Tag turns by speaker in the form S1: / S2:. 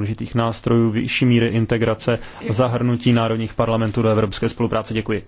S1: důležitých nástrojů vyšší míry integrace a zahrnutí národních parlamentů do evropské spolupráce. Děkuji.